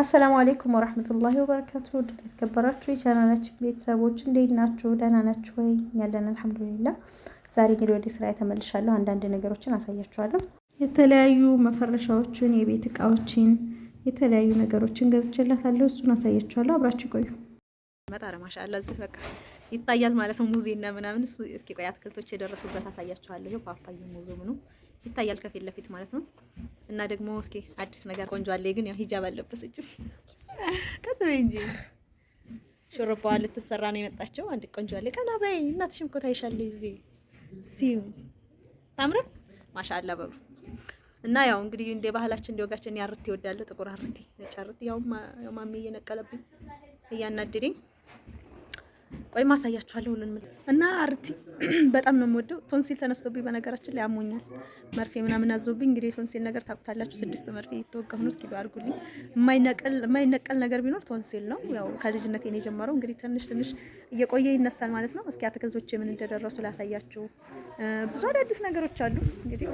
አሰላሙ አሌይኩም ወራህመቱላሂ ወበረካቱ። የተከበራችሁ የቻናላችን ቤተሰቦች እንዴት ናችሁ? ደህና ናችሁ ወይ? ያለን አልሐምዱሊላ። ዛሬ እንግዲህ ወደ ስራ ተመልሻለሁ። አንዳንድ ነገሮችን አሳያችኋለሁ። የተለያዩ መፈረሻዎችን፣ የቤት እቃዎችን፣ የተለያዩ ነገሮችን ገዝቼላታለሁ። እሱን አሳያችኋለሁ። አብራችሁ ቆዩ። መጣረ ማሻአላ እዚህ በቃ ይታያል ማለት ነው ሙዚና ምናምን። እስኪ ቆይ አትክልቶች የደረሱበት አሳያችኋለሁ። ፓፓያ ሙዙ ምኑ ይታያል ከፊት ለፊት ማለት ነው። እና ደግሞ እስኪ አዲስ ነገር ቆንጆ አለ፣ ግን ያው ሂጃብ አለበሰችም። ቀጥ በይ እንጂ ሹርባ ልትሰራ ነው የመጣቸው። አንድ ቆንጆ አለ፣ ቀና በይ እናትሽም እኮ ታይሻለች። እዚህ ሲው ታምረ ማሻአላ በሉ። እና ያው እንግዲህ እንደ ባህላችን እንደ ወጋችን ያርት አርቴ እወዳለሁ፣ ጥቁር አርቴ ነጭ አርቴ። ያው ማሚ እየነቀለብኝ እያናደደኝ ቆይ ማሳያችኋለሁ ምል እና አርቲ በጣም ነው የምወደው። ቶንሲል ተነስቶብኝ በነገራችን ላይ አሞኛል፣ መርፌ ምናምን አዞብኝ። እንግዲህ የቶንሲል ነገር ታውቁታላችሁ። ስድስት መርፌ የተወጋሁ ነው። እስኪ አድርጉልኝ። የማይነቀል ነገር ቢኖር ቶንሲል ነው። ያው ከልጅነት ነው የጀመረው። እንግዲህ ትንሽ ትንሽ እየቆየ ይነሳል ማለት ነው። እስኪ አትክልቶች ምን እንደደረሱ ላሳያችሁ። ብዙ አዳዲስ ነገሮች አሉ እንግዲህ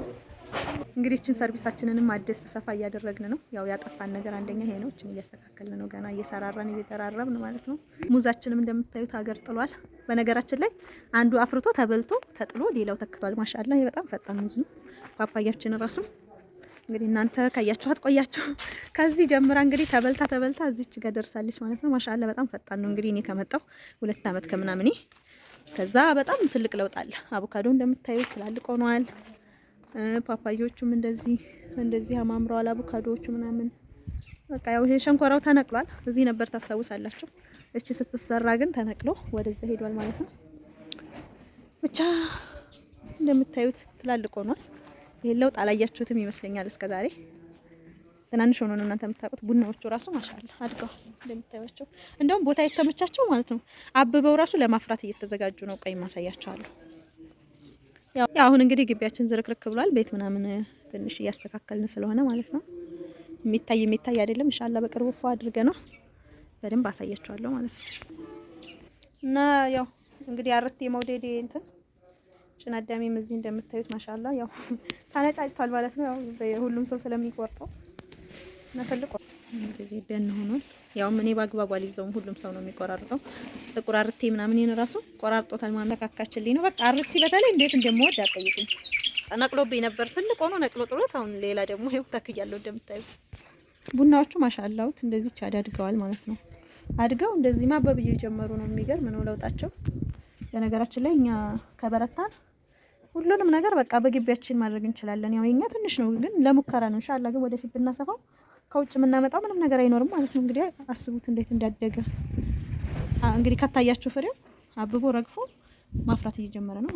እንግዲህ እችን ሰርቪሳችንንም አደስ ሰፋ እያደረግን ነው። ያው ያጠፋን ነገር አንደኛ ይሄ ነው። እችን እያስተካከልን ነው። ገና እየሰራራን እየጠራረብን ማለት ነው። ሙዛችንም እንደምታዩት ሀገር ጥሏል። በነገራችን ላይ አንዱ አፍርቶ ተበልቶ ተጥሎ ሌላው ተክቷል። ማሻላ በጣም ፈጣን ሙዝ ነው። ፓፓያችን ራሱ እንግዲህ እናንተ ካያችኋት አትቆያችሁ። ከዚህ ጀምራ እንግዲህ ተበልታ ተበልታ እዚች ጋር ደርሳለች ማለት ነው። ማሻላ በጣም ፈጣን ነው። እንግዲህ እኔ ከመጣሁ ሁለት ዓመት ከምናምን ከዛ በጣም ትልቅ ለውጥ አለ። አቮካዶ እንደምታዩት ትላልቅ ሆኗል። ፓፓዮቹም እንደዚህ እንደዚህ አማምረዋል። አቮካዶዎቹ ምናምን በቃ ያው ሸንኮራው ተነቅሏል። እዚህ ነበር ታስታውሳላችሁ። እቺ ስትሰራ ግን ተነቅሎ ወደዛ ሄዷል ማለት ነው። ብቻ እንደምታዩት ትላልቅ ሆኗል። ይሄን ለውጥ አላያችሁትም ይመስለኛል እስከዛሬ ትናንሽ ሆኖ ነው እናንተ የምታውቁት። ቡናዎቹ ራሱ ማሻአላ አድገዋል እንደምታዩቸው። እንደውም ቦታ የተመቻቸው ማለት ነው። አብበው ራሱ ለማፍራት እየተዘጋጁ ነው። ማሳያቸው ማሳያቸዋለሁ። ያው አሁን እንግዲህ ግቢያችን ዝርክርክ ብሏል። ቤት ምናምን ትንሽ እያስተካከልን ስለሆነ ማለት ነው። የሚታይ የሚታይ አይደለም። ኢንሻአላህ በቅርቡ ፎ አድርገ ነው በደንብ አሳያችኋለሁ ማለት ነው። እና ያው እንግዲህ አርት የመውደድ እንትን ጭን አዳሜም እዚህ እንደምታዩት ማሻላ ያው ታነጫጭቷል ማለት ነው። ያው ሁሉም ሰው ስለሚቆርጠው ነፈልቆ እንደዚህ ደን ሆኗል። ያው እኔ በአግባቡ አልይዘውም። ሁሉም ሰው ነው የሚቆራርጠው። ጥቁር አርቴ ምናምን ይሄን ራሱ ቆራርጦታል። ማመካካችልኝ ነው በቃ አርቴ በተለይ እንዴት እንደምወድ አጠይቁኝ። ነቅሎብኝ ነበር ትልቅ ሆኖ ነቅሎ ጥሎት፣ አሁን ሌላ ደግሞ ይኸው ተክያለሁ። እንደምታዩ ቡናዎቹ ማሻላውት እንደዚህ ቻድ አድገዋል ማለት ነው። አድገው እንደዚህ ማበብ እየጀመሩ ነው። የሚገርም ነው ለውጣቸው። በነገራችን ላይ እኛ ከበረታን ሁሉንም ነገር በቃ በግቢያችን ማድረግ እንችላለን። ያው የኛ ትንሽ ነው ግን ለሙከራ ነው። ኢንሻአላህ ግን ወደፊት ብናሰፋው ከውጭ የምናመጣው ምንም ነገር አይኖርም ማለት ነው። እንግዲህ አስቡት እንዴት እንዳደገ እንግዲህ ከታያችሁ ፍሬው አብቦ ረግፎ ማፍራት እየጀመረ ነው።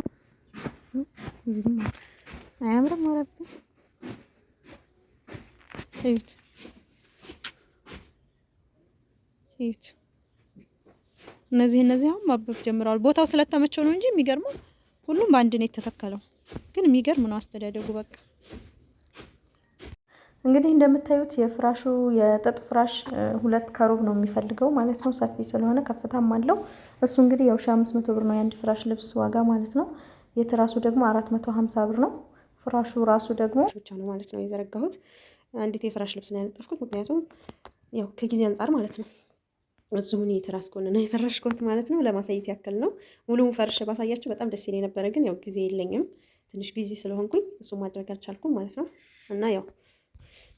አያምርም? ወረብ እዩት፣ እዩት። እነዚህ እነዚህ አሁን ማበብ ጀምረዋል። ቦታው ስለተመቸው ነው እንጂ የሚገርመው ሁሉም በአንድ ነው የተተከለው። ግን የሚገርም ነው አስተዳደጉ በቃ እንግዲህ እንደምታዩት የፍራሹ የጥጥ ፍራሽ ሁለት ከሩብ ነው የሚፈልገው ማለት ነው። ሰፊ ስለሆነ ከፍታም አለው። እሱ እንግዲህ የውሻ አምስት መቶ ብር ነው የአንድ ፍራሽ ልብስ ዋጋ ማለት ነው። የትራሱ ደግሞ አራት መቶ ሀምሳ ብር ነው። ፍራሹ ራሱ ደግሞ ብቻ ነው ማለት ነው የዘረጋሁት። አንዲት የፍራሽ ልብስ ነው ያነጠፍኩት፣ ምክንያቱም ያው ከጊዜ አንጻር ማለት ነው። እዙሁን የትራስ ጎን ነው የፈረሽኩት ማለት ነው። ለማሳየት ያክል ነው። ሙሉውን ፈርሽ ባሳያችሁ በጣም ደስ ይለኝ ነበረ፣ ግን ያው ጊዜ የለኝም ትንሽ ቢዚ ስለሆንኩኝ እሱ ማድረግ አልቻልኩም ማለት ነው እና ያው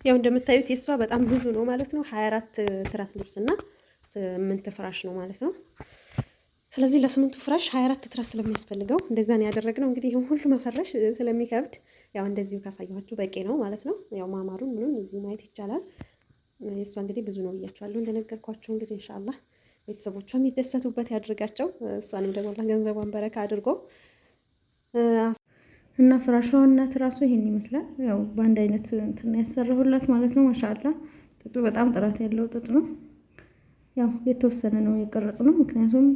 ያው እንደምታዩት የእሷ በጣም ብዙ ነው ማለት ነው። ሀያ አራት ትራስ ልብስ እና ስምንት ፍራሽ ነው ማለት ነው። ስለዚህ ለስምንቱ ፍራሽ ሀያ አራት ትራስ ስለሚያስፈልገው እንደዛ ነው ያደረግነው። እንግዲህ ይህም ሁሉ መፈረሽ ስለሚከብድ ያው እንደዚሁ ካሳየኋችሁ በቂ ነው ማለት ነው። ያው ማማሩን ምንም እዚሁ ማየት ይቻላል። የእሷ እንግዲህ ብዙ ነው ብያችኋለሁ። እንደነገርኳችሁ እንግዲህ ኢንሻአላህ ቤተሰቦቿ የሚደሰቱበት ያድርጋቸው። እሷንም ደግሞ ገንዘቧን በረካ አድርጎ እና ፍራሿነት ራሱ ይሄን ይመስላል። ያው በአንድ አይነት እንትን ያሰራሁላት ማለት ነው። ማሻላ ጥጡ በጣም ጥራት ያለው ጥጥ ነው። ያው የተወሰነ ነው የቀረጽ ነው፣ ምክንያቱም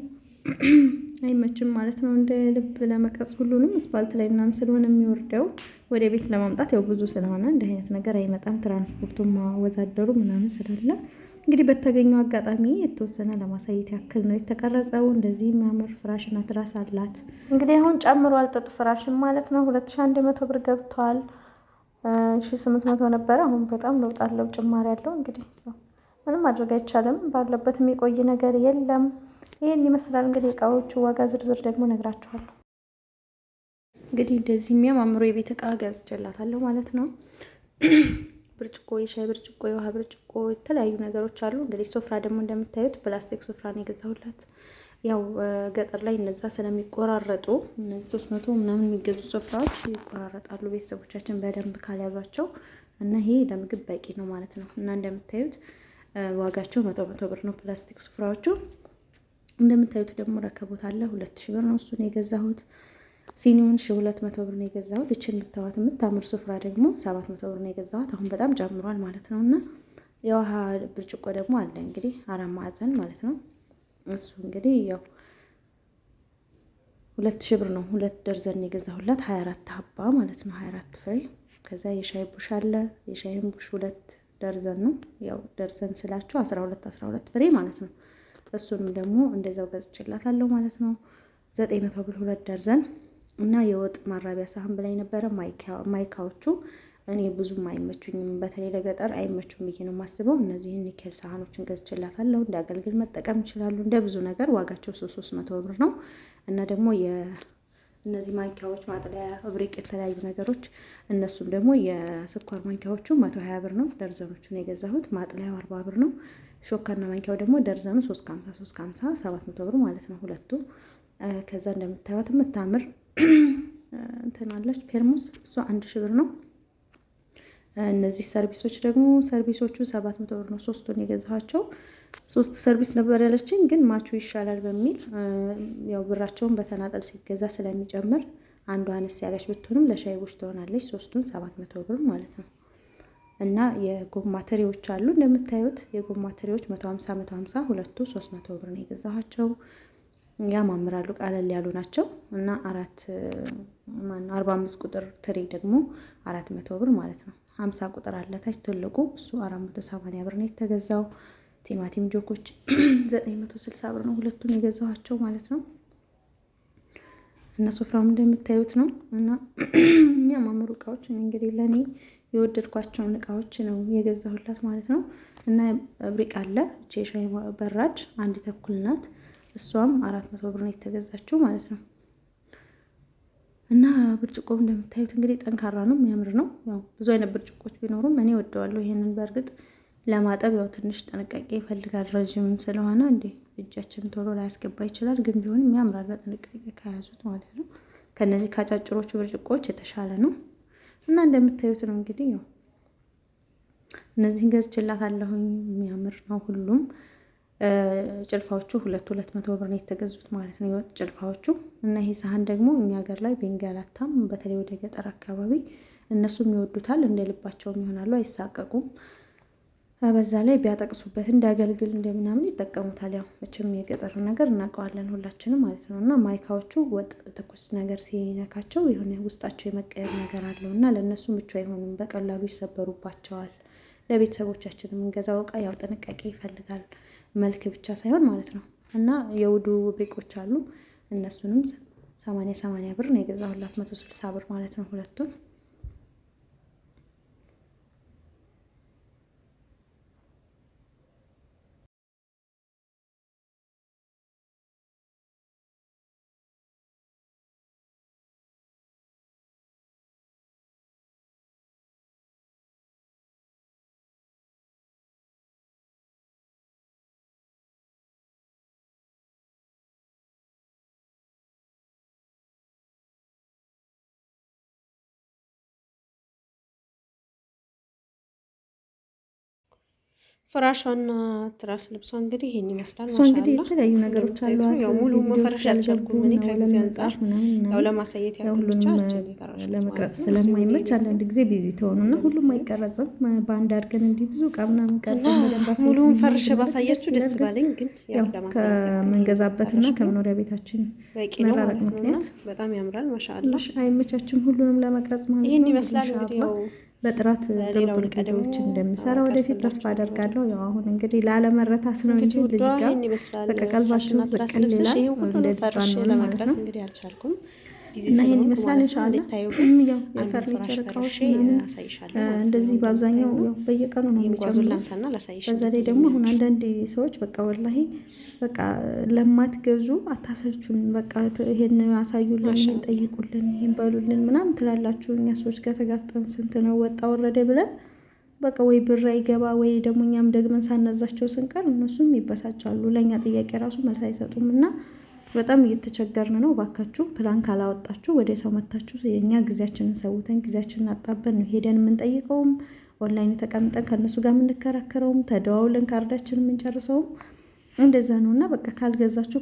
አይመችም ማለት ነው እንደ ልብ ለመቀረጽ ሁሉንም አስፋልት ላይ ምናም ስለሆነ የሚወርደው ወደ ቤት ለማምጣት ያው ብዙ ስለሆነ እንደ አይነት ነገር አይመጣም። ትራንስፖርቱ ማወዛደሩ ምናምን ስላለ እንግዲህ በተገኘው አጋጣሚ የተወሰነ ለማሳየት ያክል ነው የተቀረጸው። እንደዚህ የሚያምር ፍራሽና ትራስ አላት። እንግዲህ አሁን ጨምሯል፣ ጥጥ ፍራሽን ማለት ነው። ሁለት ሺህ አንድ መቶ ብር ገብቷል። ሺ ስምንት መቶ ነበረ። አሁን በጣም ለውጥ አለው፣ ጭማሪ ያለው። እንግዲህ ምንም ማድረግ አይቻልም። ባለበት የሚቆይ ነገር የለም። ይህን ይመስላል እንግዲህ እቃዎቹ ዋጋ ዝርዝር ደግሞ ነግራችኋለሁ። እንግዲህ እንደዚህ የሚያማምሩ የቤት እቃ ገዝቼላታለሁ ማለት ነው። ብርጭቆ፣ የሻይ ብርጭቆ፣ የውሃ ብርጭቆ የተለያዩ ነገሮች አሉ። እንግዲህ ሶፍራ ደግሞ እንደምታዩት ፕላስቲክ ሶፍራ ነው የገዛሁላት። ያው ገጠር ላይ እነዛ ስለሚቆራረጡ እነዚህ ሶስት መቶ ምናምን የሚገዙ ሶፍራዎች ይቆራረጣሉ ቤተሰቦቻችን በደንብ ካልያዟቸው እና ይሄ ለምግብ በቂ ነው ማለት ነው። እና እንደምታዩት ዋጋቸው መቶ መቶ ብር ነው ፕላስቲክ ሱፍራዎቹ። እንደምታዩት ደግሞ ረከቦት አለ ሁለት ሺ ብር ነው እሱን የገዛሁት። ሲኒውን ሺ ሁለት መቶ ብር ነው የገዛሁት። እች የምታዋት የምታምር ሱፍራ ደግሞ ሰባት መቶ ብር ነው የገዛሁት። አሁን በጣም ጨምሯል ማለት ነው። እና የውሃ ብርጭቆ ደግሞ አለ እንግዲህ አራት ማዕዘን ማለት ነው። እሱ እንግዲህ ያው ሁለት ሺ ብር ነው። ሁለት ደርዘን የገዛሁላት ሀያ አራት ሀባ ማለት ነው። ሀያ አራት ፍሬ። ከዛ የሻይ ቡሽ አለ። የሻይን ቡሽ ሁለት ደርዘን ነው። ያው ደርዘን ስላችሁ አስራ ሁለት አስራ ሁለት ፍሬ ማለት ነው። እሱንም ደግሞ እንደዛው አለው ማለት ነው። ዘጠኝ መቶ ብር ሁለት ደርዘን እና የወጥ ማራቢያ ሳህን ብላይ ነበረ። ማይካዎቹ እኔ ብዙም አይመቹኝም፣ በተለይ ለገጠር አይመቹም ብዬ ነው የማስበው። እነዚህን ኒኬል ሳህኖችን ገዝችላታለሁ። እንደ አገልግል መጠቀም ይችላሉ። እንደ ብዙ ነገር ዋጋቸው ሶስት ሶስት መቶ ብር ነው እና ደግሞ እነዚህ ማንኪያዎች ማጥለያ፣ እብሪቅ፣ የተለያዩ ነገሮች እነሱም ደግሞ የስኳር ማንኪያዎቹ መቶ ሀያ ብር ነው። ደርዘኖቹን የገዛሁት ማጥለያው አርባ ብር ነው። ሾካና ማንኪያው ደግሞ ደርዘኑ ሶስት ከሀምሳ ሶስት ከሀምሳ ሰባት መቶ ብር ማለት ነው ሁለቱ። ከዛ እንደምታዩት የምታምር እንትን አለች ፔርሙዝ እሷ አንድ ሺህ ብር ነው። እነዚህ ሰርቪሶች ደግሞ ሰርቪሶቹ ሰባት መቶ ብር ነው። ሶስቱን የገዛኋቸው ሶስት ሰርቪስ ነበር ያለችኝ፣ ግን ማቹ ይሻላል በሚል ያው ብራቸውን በተናጠል ሲገዛ ስለሚጨምር አንዷ አነስ ያለች ብትሆንም ለሻይቦች ትሆናለች። ሶስቱን ሰባት መቶ ብር ማለት ነው። እና የጎማ ትሪዎች አሉ እንደምታዩት የጎማ ትሪዎች መቶ ሀምሳ መቶ ሀምሳ ሁለቱ ሶስት መቶ ብር ነው የገዛኋቸው። ያማምራሉ። ቀለል ያሉ ናቸው እና አራት አርባ አምስት ቁጥር ትሪ ደግሞ አራት መቶ ብር ማለት ነው። ሀምሳ ቁጥር አለታች ትልቁ እሱ አራት መቶ ብር ነው የተገዛው። ቲማቲም ጆኮች ዘጠኝ መቶ ስልሳ ብር ነው ሁለቱን የገዛኋቸው ማለት ነው። እና ሶፍራም እንደምታዩት ነው እና የሚያማምሩ እቃዎች እንግዲህ ለእኔ የወደድኳቸውን እቃዎች ነው የገዛሁላት ማለት ነው። እና ብሪቅ አለ ቼሻ በራድ አንድ ተኩል ናት። እሷም አራት መቶ ብር ነው የተገዛችው ማለት ነው። እና ብርጭቆ እንደምታዩት እንግዲህ ጠንካራ ነው፣ የሚያምር ነው። ያው ብዙ አይነት ብርጭቆች ቢኖሩም እኔ ወደዋለሁ ይሄንን። በእርግጥ ለማጠብ ያው ትንሽ ጥንቃቄ ይፈልጋል፣ ረዥምም ስለሆነ እንዲ እጃችን ቶሎ ላያስገባ ይችላል። ግን ቢሆንም ያምራል በጥንቃቄ ከያዙት ማለት ነው። ከነዚህ ከአጫጭሮቹ ብርጭቆዎች የተሻለ ነው እና እንደምታዩት ነው እንግዲህ ያው እነዚህን ገዝቼላታለሁኝ። የሚያምር ነው ሁሉም ጭልፋዎቹ ሁለት ሁለት መቶ ብር ነው የተገዙት ማለት ነው የወጥ ጭልፋዎቹ። እና ይሄ ሳህን ደግሞ እኛ ሀገር ላይ ቢንገላታም በተለይ ወደ ገጠር አካባቢ እነሱም ይወዱታል፣ እንደ ልባቸውም ይሆናሉ፣ አይሳቀቁም። በዛ ላይ ቢያጠቅሱበት እንደ አገልግል እንደምናምን ይጠቀሙታል። ያው መቼም የገጠር ነገር እናውቀዋለን ሁላችንም ማለት ነው። እና ማይካዎቹ ወጥ ትኩስ ነገር ሲነካቸው የሆነ ውስጣቸው የመቀየር ነገር አለው እና ለእነሱ ምቹ አይሆኑም፣ በቀላሉ ይሰበሩባቸዋል። ለቤተሰቦቻችን የምንገዛው እቃ ያው ጥንቃቄ ይፈልጋል። መልክ ብቻ ሳይሆን ማለት ነው። እና የውዱ ቤቆች አሉ እነሱንም ሰማንያ ሰማንያ ብር ነው የገዛሁላት መቶ ስልሳ ብር ማለት ነው ሁለቱም ፍራሿና ትራስ ልብሷ እንግዲህ ይሄን ይመስላል። እሷ እንግዲህ የተለያዩ ነገሮች አሏት። ሙሉ መፈረሻ ያልቻልኩም እኔ ከዚህ አንጻር ያው ለማሳየት ያሁሉም ለመቅረጽ ስለማይመች አንዳንድ ጊዜ ቢዚ ተሆኑ እና ሁሉም አይቀረጽም። በአንድ አድርገን እንዲህ ብዙ ዕቃ ምናምን ቀርጸን ሙሉውን ፈርሼ ባሳያችሁ ደስ ባለኝ፣ ግን እና ከመኖሪያ ቤታችን መራረቅ ምክንያት በጣም ያምራል። ማሻአላ አይመቻችም ሁሉንም ለመቅረጽ ማለት ይህን ይመስላል እንግዲህ ያው በጥራት ጥሩ ቀደሞችን እንደምሰራ ወደፊት ተስፋ አደርጋለሁ። ያው አሁን እንግዲህ ላለመረታት ነው እንጂ ልጅ ጋር በቀቀልባችሁ በቀሌላ እንደድራን ማለት ነው። እና ይሄን ይመስላል እንሻለ የፈርኒቸር እቃዎች እንደዚህ በአብዛኛው በየቀኑ ነው የሚጨምሩት። በዛ ላይ ደግሞ አሁን አንዳንድ ሰዎች በቃ ወላሂ በቃ ለማትገዙ አታሰቹን፣ በቃ ይሄን አሳዩልን፣ ይሄን ጠይቁልን፣ ይሄን በሉልን ምናምን ትላላችሁ። እኛ ሰዎች ጋር ተጋፍጠን ስንት ነው ወጣ ወረደ ብለን በቃ ወይ ብር አይገባ ወይ ደግሞ እኛም ደግመን ሳነዛቸው ስንቀር እነሱም ይበሳጫሉ። ለእኛ ጥያቄ ራሱ መልስ አይሰጡም እና በጣም እየተቸገርን ነው። ባካችሁ ፕላን ካላወጣችሁ ወደ ሰው መታችሁ የእኛ ጊዜያችንን ሰውተን ጊዜያችንን አጣበን ነው ሄደን የምንጠይቀውም ኦንላይን ተቀምጠን ከእነሱ ጋር የምንከራከረውም ተደዋውለን ካርዳችን የምንጨርሰውም እንደዛ ነው እና በቃ ካልገዛችሁ